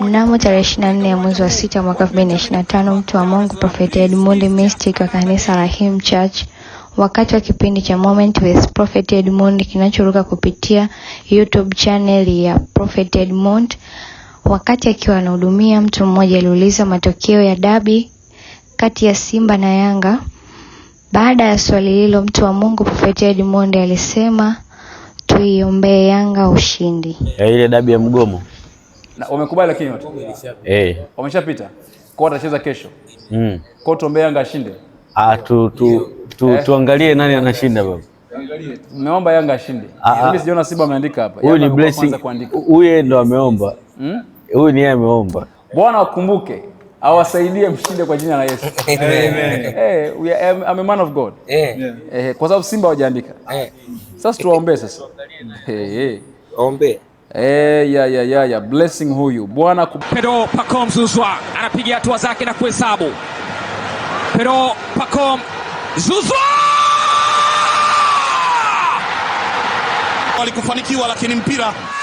Mnamo tarehe 24 ya mwezi wa sita mwaka 2025, mtu wa Mungu Prophet Edmund Mystic wa kanisa la Him Church wakati wa kipindi cha Moment with Prophet Edmund kinachoruka kupitia YouTube channel ya Prophet Edmund, wakati akiwa anahudumia, mtu mmoja aliuliza matokeo ya dabi kati ya Simba na Yanga. Baada ya swali hilo, mtu wa Mungu Prophet Edmund alisema tuiombee Yanga ushindi ya ile dabi ya mgomo. Na wamekubali lakini wote. Eh. Wameshapita. Kwa watacheza kesho. Mm. Kwa tuombea Yanga ashinde. Ah, tu tu, tu eh, tuangalie nani anashinda baba. Angalie. Yanga ashinde. Ah, ah. Mimi sijaona Simba ameandika hapa. Huyu ni blessing. Huyu ndo ameomba. Mm? Huyu ni yeye ameomba. Bwana wakumbuke awasaidie mshinde kwa jina la Yesu. Amen. Eh, we are, I'm a man of God. Eh. Eh, kwa sababu Simba hawajaandika. Eh. Sasa tuwaombee sasa. eh. Ombe. Eh, ya ya ya ya blessing huyu bwana Pedro Pacom Zuzwa anapiga hatua zake na kuhesabu. Pedro Pacom Zuzwa walikufanikiwa, lakini mpira